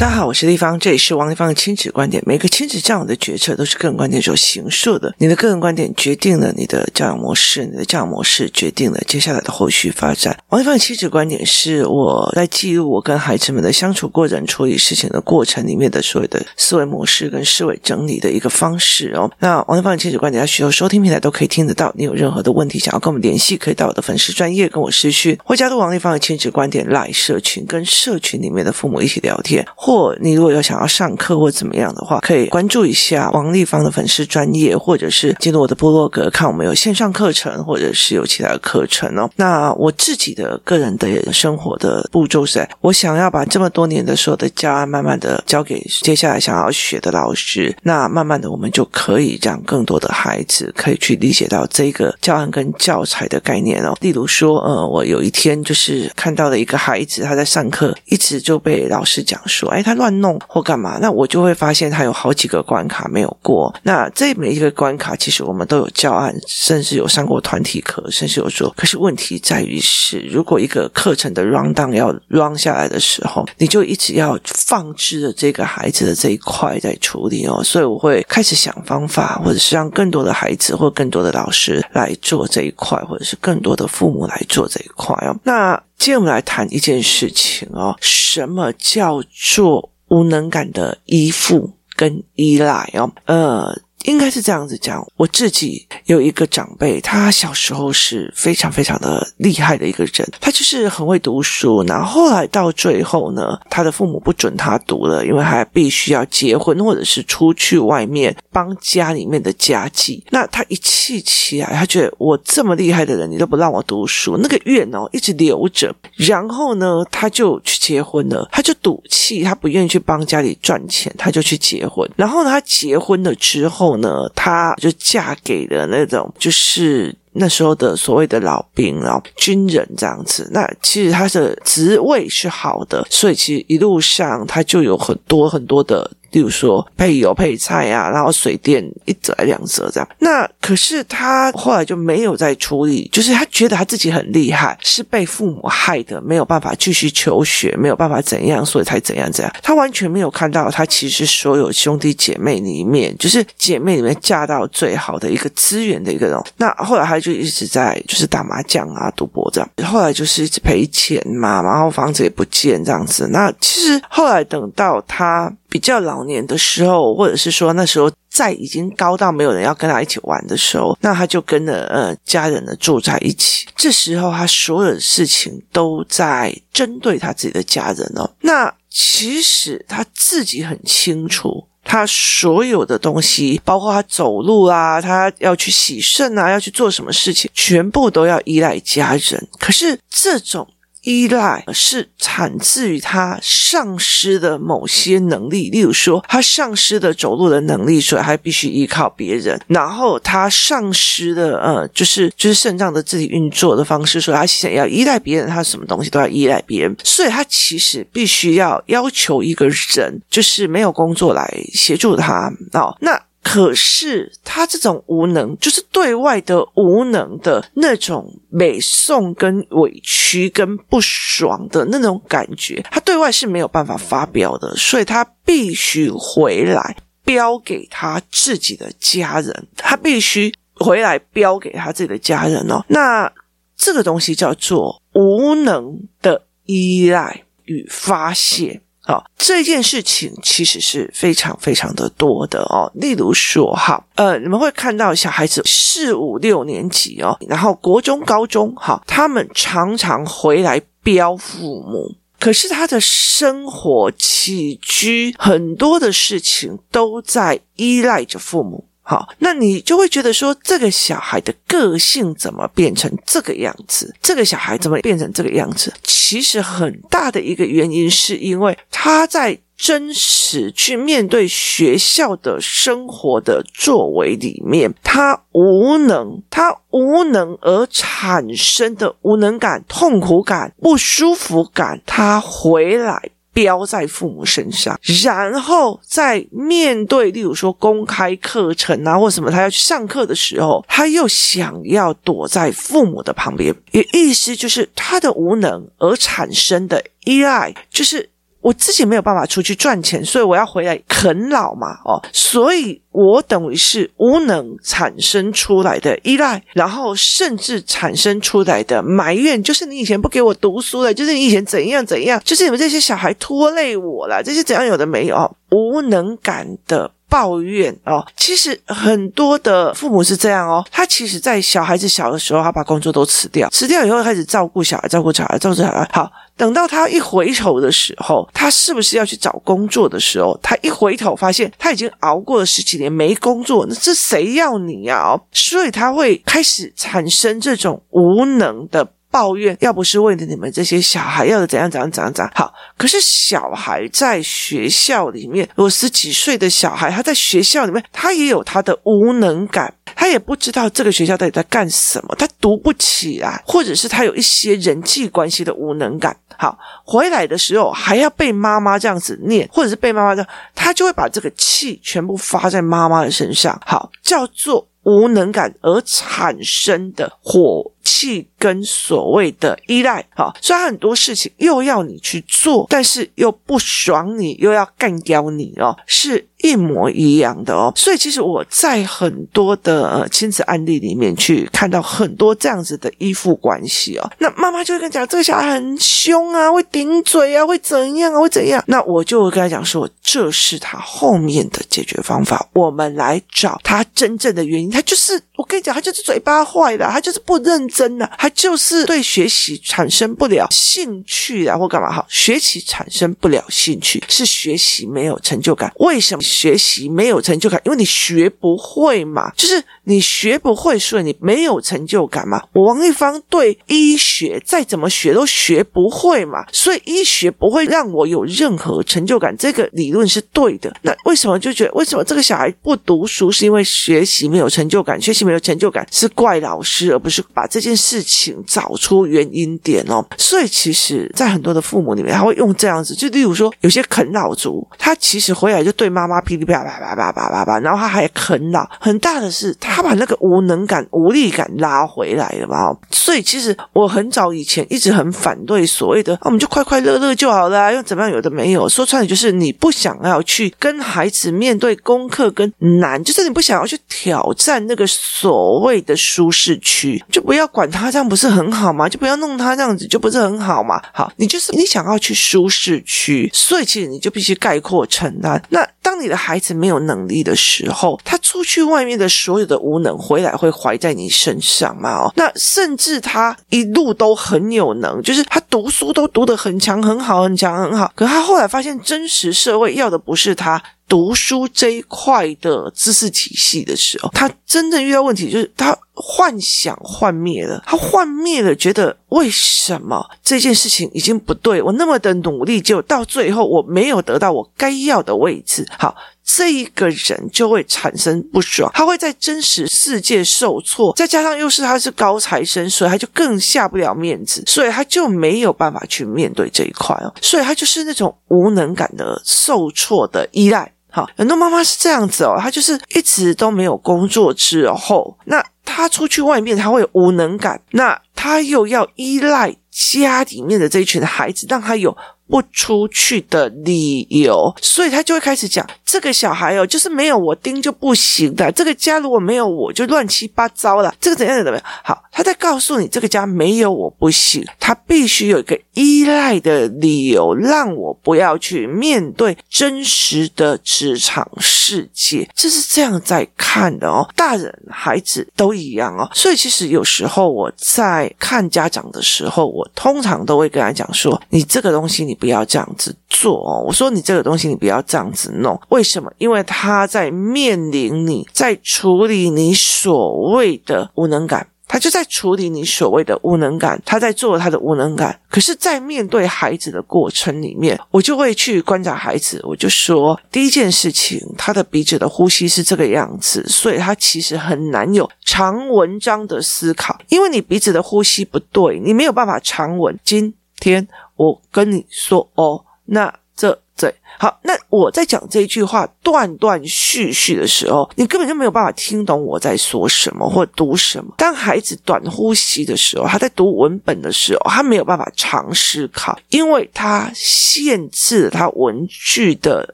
大家好，我是麗芳，這裡是王麗芳的親子觀點。每個親子教養的決策都是個人觀點所形塑的，你的個人觀點決定了你的教養模式，你的教養模式決定了接下來的後續發展。王麗芳的親子觀點是我在記錄我跟孩子們的相處過程、處理事情的過程裡面的所有的思維模式跟思維整理的一個方式哦。那王麗芳的親子觀點在所有收聽平台都可以聽得到。你有任何的問題想要跟我們聯繫，可以到我的粉絲專頁跟我私訊，或加入王麗芳的親子觀點 LINE 社群，跟社群裡面的父母一起聊天。或你如果有想要上課或怎麼樣的話，可以關注一下王麗芳的粉絲專業，或者是進入我的部落格，看我們有線上課程，或者是有其他的課程哦。那我自己的個人的生活的步驟是，我想要把這麼多年的所有的教案慢慢的交給接下來想要學的老師，那慢慢的我們就可以讓更多的孩子可以去理解到這個教案跟教材的概念哦。例如說，呃，我有一天就是看到了一個孩子他在上課，一直就被老師講說，哎。他亂弄或幹嘛，那我就會發現他有好幾個關卡沒有過。那這每一個關卡，其實我們都有教案，甚至有上過團體課，甚至有說。可是問題在於是，如果一個課程的 rundown 要 run 下來的時候，你就一直要放置着這個孩子的這一塊在處理哦。所以我會開始想方法，或者是讓更多的孩子或更多的老師來做這一塊，或者是更多的父母來做這一塊哦。那。今天我們來談一件事情哦，什麼叫做無能感的依附跟依賴哦，呃。應該是這樣子講，我自己有一個長輩，他小時候是非常非常的厲害的一個人，他就是很會讀書。然後後來到最後呢，他的父母不准他讀了，因為他必須要結婚，或者是出去外面幫家裡面的家計。那他一氣起來，他覺得我這麼厲害的人，你都不讓我讀書，那個怨哦一直留着。然後呢，他就去結婚了，他就賭氣，他不願意去幫家裡賺錢，他就去結婚。然後呢，他結婚了之後。然後呢，她就嫁給了那種，就是那時候的所謂的老兵，然後軍人這樣子。那其實她的職位是好的，所以其實一路上她就有很多很多的，例如說配油配菜啊，然後水電一折兩折這樣。那可是他後來就沒有再處理，就是他覺得他自己很厲害，是被父母害的，沒有辦法繼續求學，沒有辦法怎樣，所以才怎樣怎樣。他完全沒有看到，他其實所有兄弟姐妹裡面，就是姐妹裡面嫁到最好的一個資源的一個人。那後來他就一直在就是打麻將啊、賭博這樣，後來就是一直賠錢嘛，然後房子也不見這樣子。那其實後來等到他比較老年的時候，或者是說那時候。在已經高到沒有人要跟他一起玩的時候，那他就跟着呃家人呢住在一起。這時候他所有的事情都在針對他自己的家人哦，那其實他自己很清楚，他所有的東西，包括他走路啊，他要去洗腎啊，要去做什麼事情，全部都要依賴家人。可是這種。依賴是產自於他喪失的某些能力，例如說他喪失的走路的能力，所以他必須依靠別人。然後他喪失的呃、嗯，就是就是腎臟的自己運作的方式，所以他想要依賴別人，他什麼東西都要依賴別人，所以他其實必須要要求一個人，就是沒有工作來協助他哦。那。可是他這種無能，就是對外的無能的那種悲痛、跟委屈、跟不爽的那種感覺，他對外是沒有辦法發飆的，所以他必須回來飆給他自己的家人，他必須回來飆給他自己的家人哦。那這個東西叫做無能的依賴與發洩。哦，這件事情其實是非常非常的多的哦，例如說哈，呃，你們會看到小孩子四五六年級哦，然後國中、高中，哈，他們常常回來飆父母，可是他的生活起居很多的事情都在依賴着父母。好，那你就會覺得說，這個小孩的個性怎麼變成這個樣子？這個小孩怎麼變成這個樣子？其實很大的一個原因，是因為他在真實去面對學校的生活的作為裡面，他無能，他無能而產生的無能感、痛苦感、不舒服感，他回來。飆在父母身上，然後在面對，例如說公開課程啊，或什麼他要去上課的時候，他又想要躲在父母的旁邊，也意思就是他的無能而產生的依賴，就是。我自己沒有辦法出去賺錢，所以我要回來啃老嘛，哦，所以我等於是無能產生出來的依賴，然後甚至產生出來的埋怨，就是你以前不給我讀書了，就是你以前怎樣怎樣，就是你們這些小孩拖累我了，這些怎樣有的沒有哦，無能感的抱怨哦，其實很多的父母是這樣哦，他其實，在小孩子小的時候，他把工作都辭掉，辭掉以後開始照顧小孩，照顧小孩，照顧小孩，好。等到他一回頭的時候，他是不是要去找工作的時候？他一回頭發現他已經熬過了十幾年沒工作，那這誰要你啊？所以他會開始產生這種無能的。抱怨，要不是為了你們這些小孩，要的怎樣怎樣怎樣怎樣。好，可是小孩在學校裡面，如果十幾歲的小孩，他在學校裡面，他也有他的無能感，他也不知道這個學校到底在幹什麼，他讀不起來、啊，或者是他有一些人際關係的無能感。好，回來的時候還要被媽媽這樣子念，或者是被媽媽這樣，他就會把這個氣全部發在媽媽的身上。好，叫做無能感而產生的火氣。跟所謂的依賴啊，雖然很多事情又要你去做，但是又不爽你，又要幹掉你哦，是一模一樣的哦。所以其實我在很多的、呃、親子案例裡面去看到很多這樣子的依附關係哦。那媽媽就會跟你講這個小孩很凶啊，會頂嘴啊，會怎樣啊，會怎樣、啊？那我就會跟他講說，這是他後面的解決方法。我們來找他真正的原因，他就是我跟你講，他就是嘴巴壞了，他就是不認真了，那就是對學習產生不了興趣、啊，然後幹嘛哈？學習產生不了興趣，是學習沒有成就感。為什麼學習沒有成就感？因為你學不會嘛，就是你學不會，所以你沒有成就感嘛。我王一芳對醫學再怎麼學都學不會嘛，所以醫學不會讓我有任何成就感。這個理論是對的。那為什麼就覺得為什麼這個小孩不讀書？是因為學習沒有成就感？學習沒有成就感是怪老師，而不是把這件事情。請找出原因點哦，所以其實在很多的父母裡面，他會用這樣子，就例如說，有些啃老族，他其實回來就對媽媽噼裡啪啦啪啪啪啪啪，然後他還啃老，很大的是，他把那個無能感、無力感拉回來了嘛。所以其實我很早以前一直很反對所謂的，啊，我們就快快樂樂就好了，又怎麼樣？有的沒有，說穿了就是你不想要去跟孩子面對功課跟難，就是你不想要去挑戰那個所謂的舒適區，就不要管他這樣。不是很好嘛？就不要弄他這樣子，就不是很好嘛。好，你就是你想要去舒適區，所以其實你就必須概括承擔。那當你的孩子沒有能力的時候，他出去外面的所有的無能回來會懷在你身上嘛？哦，那甚至他一路都很有能，就是他讀書都讀得很強、很好、很強、很好。可他後來發現，真實社會要的不是他讀書這一塊的知識體系的時候，他真正遇到問題就是他。幻想幻滅了，他幻滅了，覺得為什麼這件事情已經不對？我那麼的努力，就到最後我沒有得到我該要的位置。好，這一個人就會產生不爽，他會在真實世界受挫，再加上又是他是高材生，所以他就更下不了面子，所以他就沒有辦法去面對這一塊哦。所以他就是那種無能感的受挫的依賴。好，很多媽媽是這樣子哦，他就是一直都沒有工作之後，那。他出去外面，他會有無能感，那他又要依賴家裡面的這一群孩子，讓他有。不出去的理由，所以他就會開始講這個小孩哦，就是沒有我盯就不行的，這個家如果沒有我就亂七八糟了，這個怎樣怎樣，好，他在告訴你這個家沒有我不行，他必須有一個依賴的理由，讓我不要去面對真實的職場世界，這是這樣在看的哦，大人孩子都一樣哦，所以其實有時候我在看家長的時候，我通常都會跟他講說，你這個東西你。不要這樣子做哦！我說你這個東西，你不要這樣子弄。為什麼？因為他在面臨你，在處理你所謂的無能感，他就在處理你所謂的無能感，他在做他的無能感。可是，在面對孩子的過程裡面，我就會去觀察孩子，我就說：第一件事情，他的鼻子的呼吸是這個樣子，所以他其實很難有長文章的思考，因為你鼻子的呼吸不對，你沒有辦法長穩。今天。我跟你說哦，那這這好，那我在講這一句話斷斷續續的時候，你根本就沒有辦法聽懂我在說什麼或讀什麼。當孩子短呼吸的時候，他在讀文本的時候，他沒有辦法常思考，因為他限制了他文句的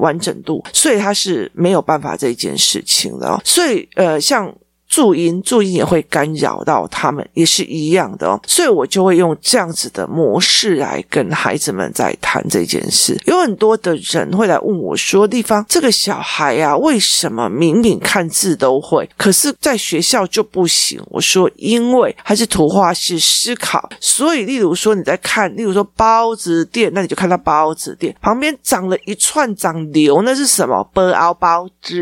完整度，所以他是沒有辦法這一件事情的哦。所以呃，像。注音，注音也會干擾到他們，也是一樣的哦。所以，我就會用這樣子的模式來跟孩子們在談這件事。有很多的人會來問我說：“地方，這個小孩呀、啊，為什麼明明看字都會，可是在學校就不行？”我說：“因為他是圖畫式思考，所以，例如說你在看，例如說包子店，那你就看到包子店旁邊長了一串長瘤，那是什麼？b a o 包 z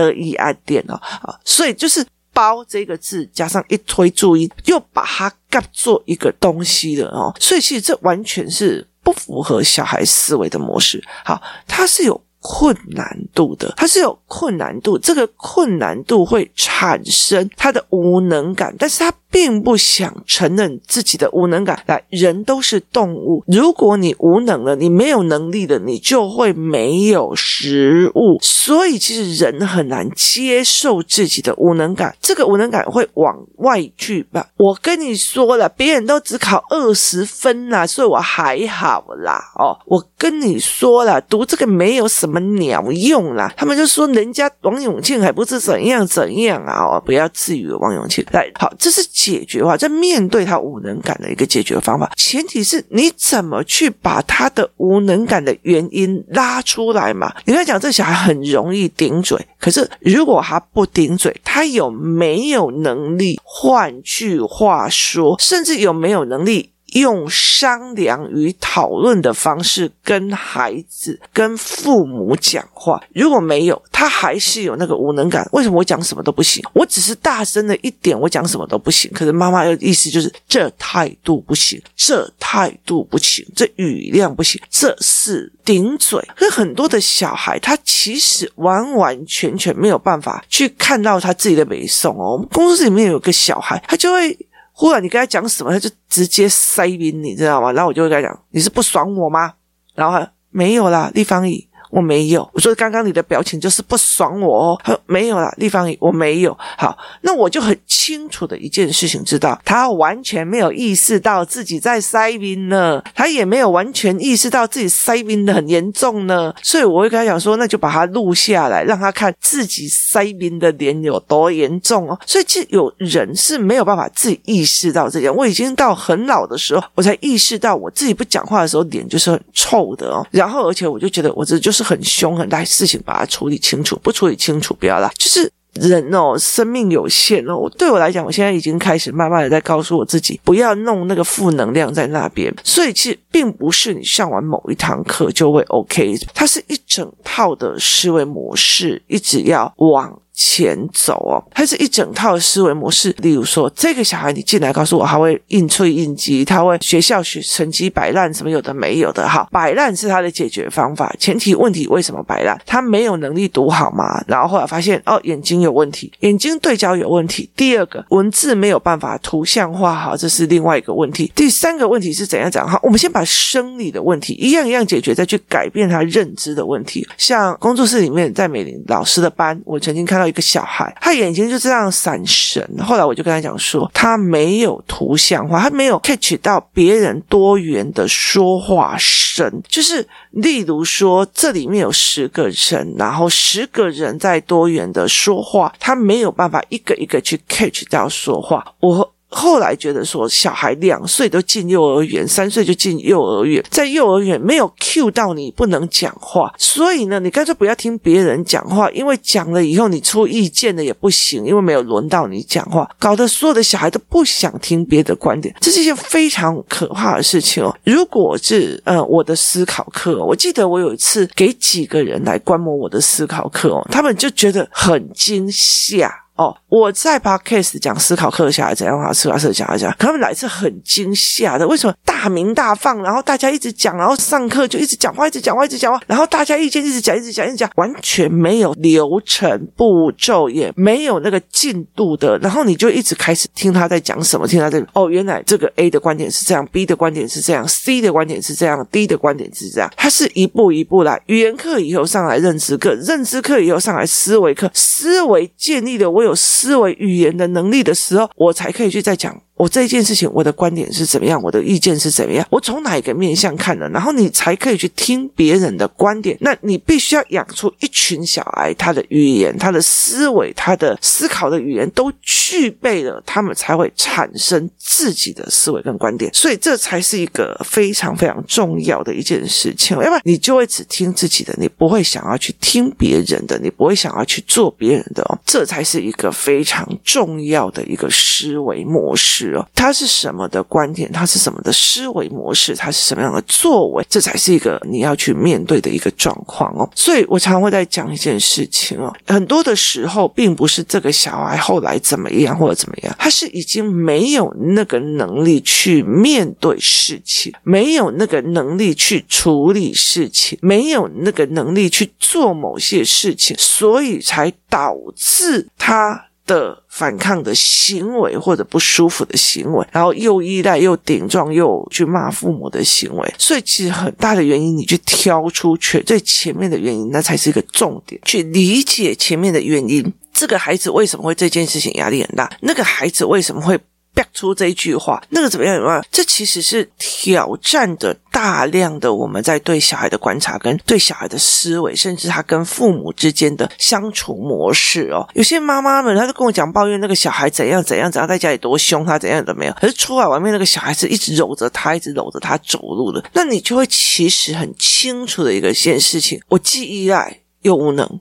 得意暗點哦，啊，所以就是“包”這個字加上一堆注音，又把它蓋做一個東西的哦，所以其實這完全是不符合小孩思維的模式。好，他是有困難度的，它是有困難度，這個困難度會產生他的無能感，但是他並不想承認自己的無能感。來，人都是動物，如果你無能了，你沒有能力了，你就會沒有食物。所以，其實人很難接受自己的無能感，這個無能感會往外去吧。我跟你說了，別人都只考二十分吶，所以我還好啦。哦，我跟你說了，讀這個沒有什麼。他們鳥用啦、啊！他們就說人家王永慶還不知怎樣怎樣啊、哦！不要自語，王永慶來好，這是解決的話，在面對他無能感的一個解決方法。前提是你怎麼去把他的無能感的原因拉出來嘛？你跟他講，這小孩很容易頂嘴，可是如果他不頂嘴，他有沒有能力？換句話說，甚至有沒有能力？用商量與討論的方式跟孩子、跟父母講話，如果沒有，他還是有那個無能感。為什麼我講什麼都不行？我只是大聲了一點，我講什麼都不行。可是媽媽的意思就是這態度不行，這態度不行，這語量不行，這是頂嘴。可是很多的小孩，他其實完完全全沒有辦法去看到他自己的北宋哦。我們公司裡面有一個小孩，他就會。忽然，你跟他講什麼，他就直接塞給你，知道嗎？然後我就跟他講，你是不爽我嗎？然後他沒有啦，立方椅。我沒有，我說剛剛你的表情就是不爽我哦。他說沒有啦，麗芳，我沒有。好，那我就很清楚的一件事情，知道他完全沒有意識到自己在塞鼻呢，他也沒有完全意識到自己塞鼻的很嚴重呢。所以我會跟他講說，那就把它錄下來，讓他看自己塞鼻的臉有多嚴重哦。所以其實有人是沒有辦法自己意識到這點。我已經到很老的時候，我才意識到我自己不講話的時候臉就是很臭的哦。然後而且我就覺得我這就是是很凶很大事情，把它處理清楚，不處理清楚不要啦，就是人哦，生命有限哦。對我來講，我現在已經開始慢慢的在告訴我自己，不要弄那個負能量在那邊。所以其實並不是你上完某一堂課就會 OK，它是一整套的思維模式，一直要往。前走哦，它是一整套思維模式。例如說，這個小孩你進來告訴我，他會應催應激，他會學校學成績擺爛，什麼有的沒有的哈，擺爛是他的解決方法。前提問題為什麼擺爛？他沒有能力讀好嗎？然後後來發現哦，眼睛有問題，眼睛對焦有問題。第二個，文字沒有辦法圖像化哈，這是另外一個問題。第三個問題是怎樣講哈？我們先把生理的問題一樣一樣解決，再去改變他認知的問題。像工作室裡面，在美玲老師的班，我曾經看到。一個小孩，他眼睛就這樣閃神。後來我就跟他講說，他沒有圖像化，他沒有 catch 到別人多元的說話聲。就是例如說，這裡面有十個人，然後十個人在多元的說話，他沒有辦法一個一個去 catch 到說話。我。後來覺得說，小孩兩歲都進幼兒園，三歲就進幼兒園，在幼兒園沒有 cue 到你不能講話，所以呢，你乾脆不要聽別人講話，因為講了以後你出意見的也不行，因為沒有輪到你講話，搞得所有的小孩都不想聽別的觀點，這是一件非常可怕的事情哦。如果是呃我的思考課哦，我記得我有一次給幾個人來觀摩我的思考課哦，他們就覺得很驚嚇。哦，我在 Podcast 講思考課下來怎樣畫思維課下一講，講可他們來是很驚嚇的。為什麼大鳴大放，然後大家一直講，然後上課就一直講話，一直講話，一直講話，然後大家意見一直講，一直講，一直講，完全沒有流程步驟，也沒有那個進度的。然後你就一直開始聽他在講什麼，聽他在哦，原來這個 A 的觀點是這樣，B 的觀點是這樣，C 的觀點是這樣，D 的觀點是這樣。他是一步一步來，語言課以後上來認知課，認知課以後上來思維課，思維建立的我。有思維語言的能力的時候，我才可以去再講。我、哦、這一件事情，我的觀點是怎麼樣？我的意見是怎麼樣？我從哪一個面向看的？然後你才可以去聽別人的觀點。那你必須要養出一群小孩，他的語言、他的思維、他的思考的語言都具備了，他們才會產生自己的思維跟觀點。所以這才是一個非常非常重要的一件事情。要不然你就會只聽自己的，你不會想要去聽別人的，你不會想要去做別人的哦。這才是一個非常重要的一個思維模式。他是什麼的觀點？他是什麼的思維模式？他是什麼樣的作為？這才是一個你要去面對的一個狀況哦。所以我常會在講一件事情哦。很多的時候，並不是這個小孩後來怎麼樣或者怎麼樣，他是已經沒有那個能力去面對事情，沒有那個能力去處理事情，沒有那個能力去做某些事情，所以才導致他的反抗的行為，或者不舒服的行為，然後又依賴又頂撞又去罵父母的行為，所以其實很大的原因，你去挑出全最前面的原因，那才是一個重點，去理解前面的原因，這個孩子為什麼會這件事情壓力很大，那個孩子為什麼會？背出這一句話，那個怎麼樣？怎麼樣？這其實是挑戰著大量的我們在對小孩的觀察，跟對小孩的思維，甚至他跟父母之間的相?處模式哦。有些媽媽們，她就跟我講抱怨，那個小孩怎樣怎樣怎樣，在家裡多凶，他怎樣都沒有。可是出來外面，那個小孩是一直摟着他，一直摟着他走路的。那你就會其實很清楚的一個一件事情：我既依賴又無能，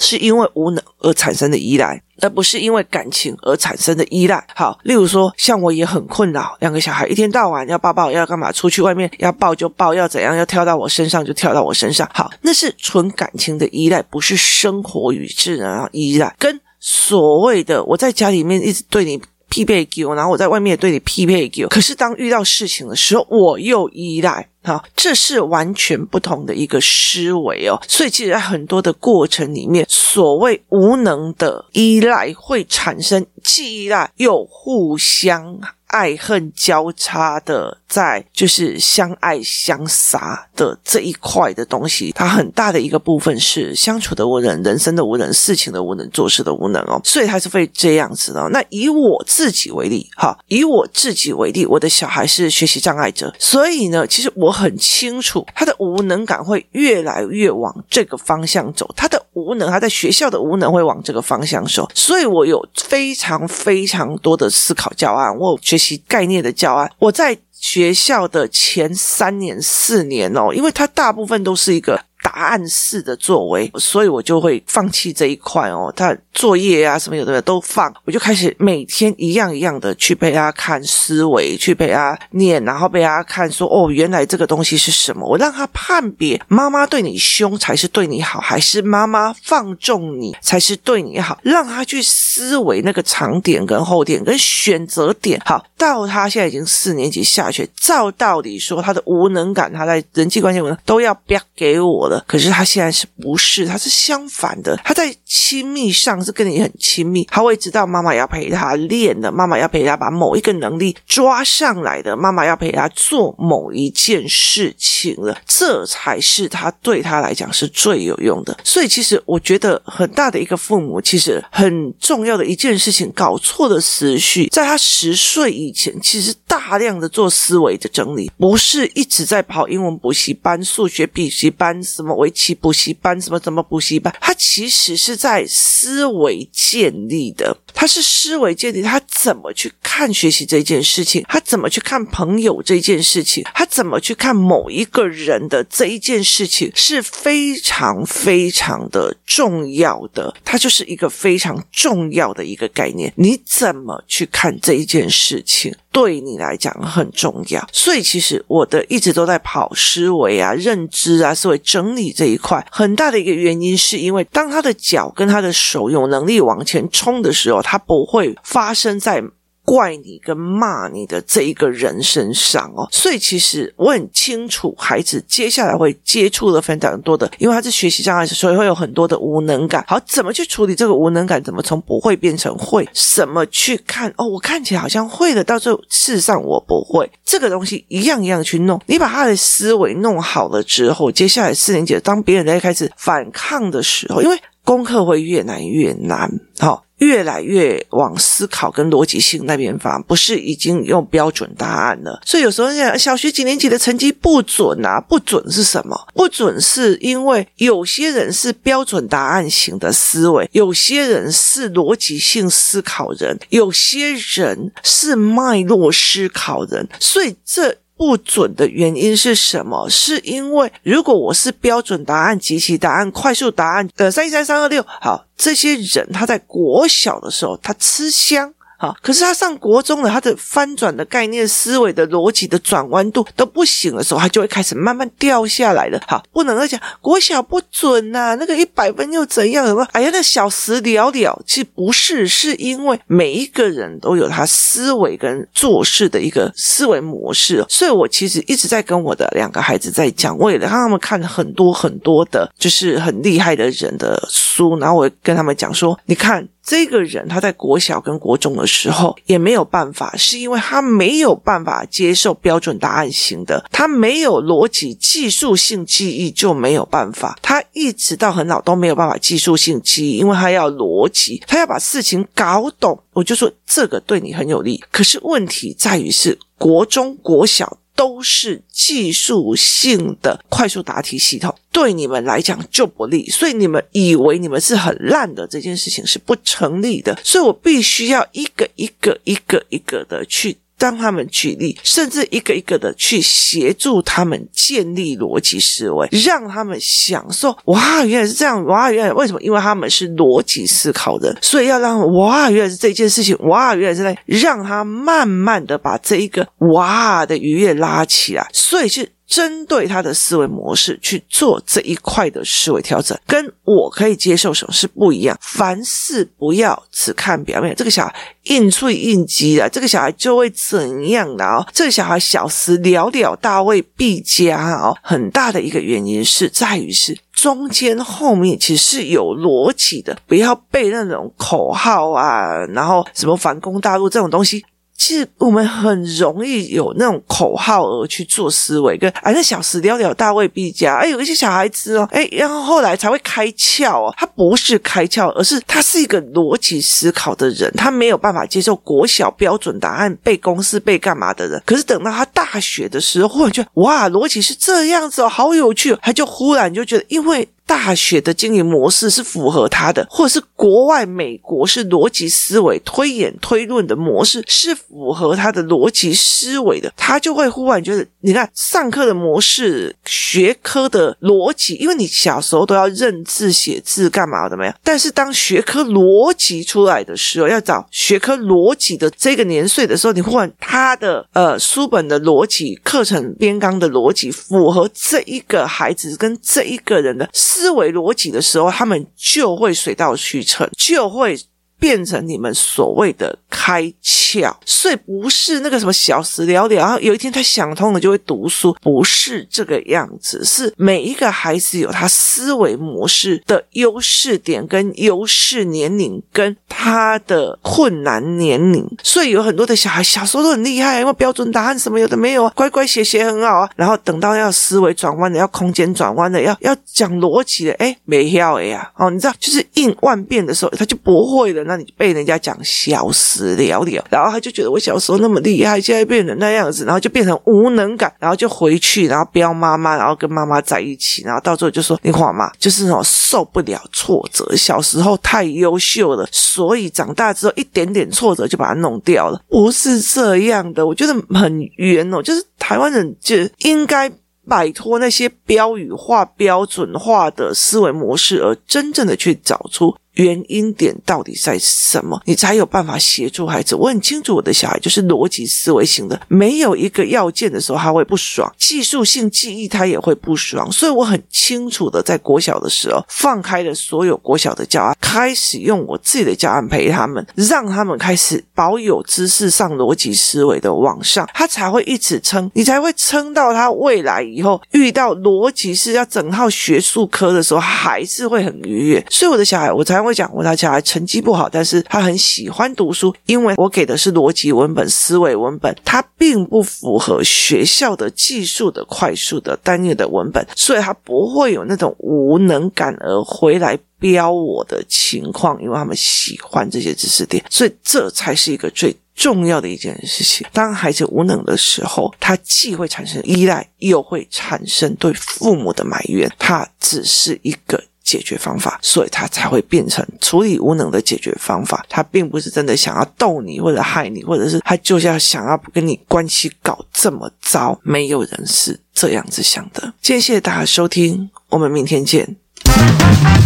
是因為無能而產生的依賴。而不是因為感情而產生的依賴。好，例如說，像我也很困擾，兩個小孩一天到晚要抱抱，要幹嘛？出去外面要抱就抱，要怎樣？要跳到我身上就跳到我身上。好，那是純感情的依賴，不是生活與智能啊依賴。跟所謂的我在家裡面一直對你批評教，然後我在外面也對你批評教，可是當遇到事情的時候，我又依賴。好，這是完全不同的一個思維哦，所以其實在很多的過程裡面，所謂無能的依賴會產生既依賴，又互相。愛恨交叉的，在就是相愛相殺的這一塊的東西，它很大的一個部分是相處的無能、人生的無能、事情的無能、做事的無能哦，所以他是會這樣子的哦。那以我自己為例，哈，以我自己為例，我的小孩是學習障礙者，所以呢，其實我很清楚他的無能感會越來越往這個方向走，他的。無能，他在學校的無能會往這個方向走，所以我有非常非常多的思考教案，我有學習概念的教案。我在學校的前三年、四年哦，因為他大部分都是一個。答案式的作為，所以我就會放棄這一塊哦。他作業啊什麼有的都放，我就開始每天一樣一樣的去陪他看思維，去陪他念，然後陪他看說哦，原來這個東西是什麼。我讓他判別媽媽對你兇才是對你好，還是媽媽放縱你才是對你好。讓他去思維那個長點跟後點跟選擇點。好，到他現在已經四年級下學期，照道理說他的無能感，他在人際關係上都要表給我了。可是他現在是不是？他是相反的。他在親密上是跟你很親密，他會知道媽媽要陪他練的，媽媽要陪他把某一個能力抓上來的，媽媽要陪他做某一件事情的，這才是他對他來講是最有用的。所以，其實我覺得很大的一個父母，其實很重要的一件事情，搞錯的次序，在他十歲以前，其實大量的做思維的整理，不是一直在跑英文補習班、數學補習班什麼。什麼圍棋補習班，什麼什麼補習班，他其實是在思維建立的，他是思維建立，他怎麼去看學習這件事情，他怎麼去看朋友這件事情，他怎麼去看某一個人的這一件事情，是非常非常的重要的，它就是一個非常重要的一個概念，你怎麼去看這一件事情？對你來講很重要，所以其實我的一直都在跑思維啊、認知啊、思維整理這一塊，很大的一個原因是因為當他的腳跟他的手有能力往前衝的時候，他不會發生在。怪你跟罵你的這一個人身上哦，所以其實我很清楚，孩子接下來會接觸的非常多的，因為他是學習障礙，所以會有很多的無能感。好，怎麼去處理這個無能感？怎麼從不會變成會？怎麼去看？哦，我看起來好像會的，但是事實上我不會。這個東西一樣一樣去弄。你把他的思維弄好了之後，接下來四年級，當別人在開始反抗的時候，因為功課會越來越難，哦越來越往思考跟邏輯性那邊發，不是已經用標準答案了？所以有時候你想，小學幾年級的成績不準啊？不準是什麼？不準是因為有些人是標準答案型的思維，有些人是邏輯性思考人，有些人是脈絡思考人，所以這。不準的原因是什麼？是因為如果我是標準答案、及其答案、快速答案，呃，三一三三二六，好，這些人他在國小的時候他吃香。好，可是他上國中了，他的翻轉的概念、思維的邏輯的轉彎度都不行的時候，他就會開始慢慢掉下來了。好，不能而講國小不準吶、啊，那個一百分又怎樣？什麼？哎呀，那小時了了，其實不是，是因為每一個人都有他思維跟做事的一個思維模式。所以，我其實一直在跟我的兩個孩子在講，為了讓他們看很多很多的，就是很厲害的人的書，然後我跟他們講說，你看。這個人他在國小跟國中的時候也沒有辦法，是因為他沒有辦法接受標準答案型的，他沒有邏輯技術性記憶就沒有辦法，他一直到很老都沒有辦法技術性記憶，因為他要邏輯，他要把事情搞懂。我就說這個對你很有利，可是問題在於是國中國小，都是技術性的快速答題系統，對你們來講就不利，所以你們以為你們是很爛的這件事情是不成立的，所以我必須要一個一個一個一個的去。當他們舉例，甚至一個一個的去協助他們建立邏輯思維，讓他們享受哇，原來是這樣哇，原來為什麼？因為他們是邏輯思考的，所以要讓哇，原來是這件事情哇，原來是這樣，讓他慢慢的把這一個哇的愉悅拉起來，所以是。針對他的思維模式去做這一塊的思維調整，跟我可以接受什麼是不一樣。凡事不要只看表面，這個小孩應順應機的，這個小孩就會怎樣的，哦、這個小孩小時了了，大未必佳哦。很大的一個原因是在於是中間後面其實是有邏輯的，不要被那種口號啊，然後什麼反攻大陸這種東西。其實我們很容易有那種口號而去做思維，跟啊、哎，那小時了了，大未必佳。哎，有一些小孩子哦，哎，然後後來才會開竅哦。他不是開竅，而是他是一個邏輯思考的人，他沒有辦法接受國小標準答案背公式背幹嘛的人。可是等到他大學的時候，忽然就哇，邏輯是這樣子哦，好有趣，哦，他就忽然就覺得，因為。大學的經營模式是符合他的，或者是國外美國是邏輯思維推演推論的模式是符合他的邏輯思維的，他就會忽然覺得，你看上課的模式、學科的邏輯，因為你小時候都要認字寫字幹嘛怎麼樣？但是當學科邏輯出來的時候，要找學科邏輯的這個年歲的時候，你忽然他的呃書本的邏輯、課程編綱的邏輯符合這一個孩子跟這一個人的。思維邏輯的時候，他們就會水到渠成，就會。變成你們所謂的開竅，所以不是那個什麼小時了了。然後有一天他想通了就會讀書，不是這個樣子。是每一個孩子有他思維模式的優勢點跟優勢年齡，跟他的困難年齡。所以有很多的小孩小時候都很厲害，因為標準答案什麼有的沒有、啊，乖乖寫寫很好啊。然後等到要思維轉彎了，要空間轉彎了，要要講邏輯了，哎、欸，沒要哎呀！哦，你知道，就是應萬變的時候，他就不會了。那你被人家講小時了了，然後他就覺得我小時候那麼厲害，現在變成那樣子，然後就變成無能感，然後就回去，然後飆媽媽，然後跟媽媽在一起，然後到最後就說：“你看我媽就是那種受不了挫折，小時候太優秀了，所以長大之後一點點挫折就把它弄掉了。”不是這樣的，我覺得很冤哦，就是台灣人就應該擺脫那些標語化、標準化的思維模式，而真正的去找出。原因點到底在什麼？你才有辦法協助孩子。我很清楚我的小孩就是邏輯思維型的，沒有一個要件的時候他會不爽，技術性記憶他也會不爽，所以我很清楚的在國小的時候放開了所有國小的教案，開始用我自己的教案陪他們，讓他們開始保有知識上邏輯思維的往上，他才會一直撐，你才會撐到他未來以後遇到邏輯是要整套學術科的時候，還是會很愉悅。所以我的小孩我才。我講過，我他小孩成績不好，但是他很喜歡讀書，因為我給的是邏輯文本、思維文本，他並不符合學校的技術的、快速的、單念的文本，所以他不會有那種無能感而回來標我的情況，因為他們喜歡這些知識點，所以這才是一個最重要的一件事情。當孩子無能的時候，他既會產生依賴，又會產生對父母的埋怨，他只是一個。解決方法，所以他才會變成處理無能的解決方法。他並不是真的想要逗你，或者害你，或者是他就是要想要跟你關係搞這麼糟。沒有人是這樣子想的。今天謝謝大家收聽，我們明天見。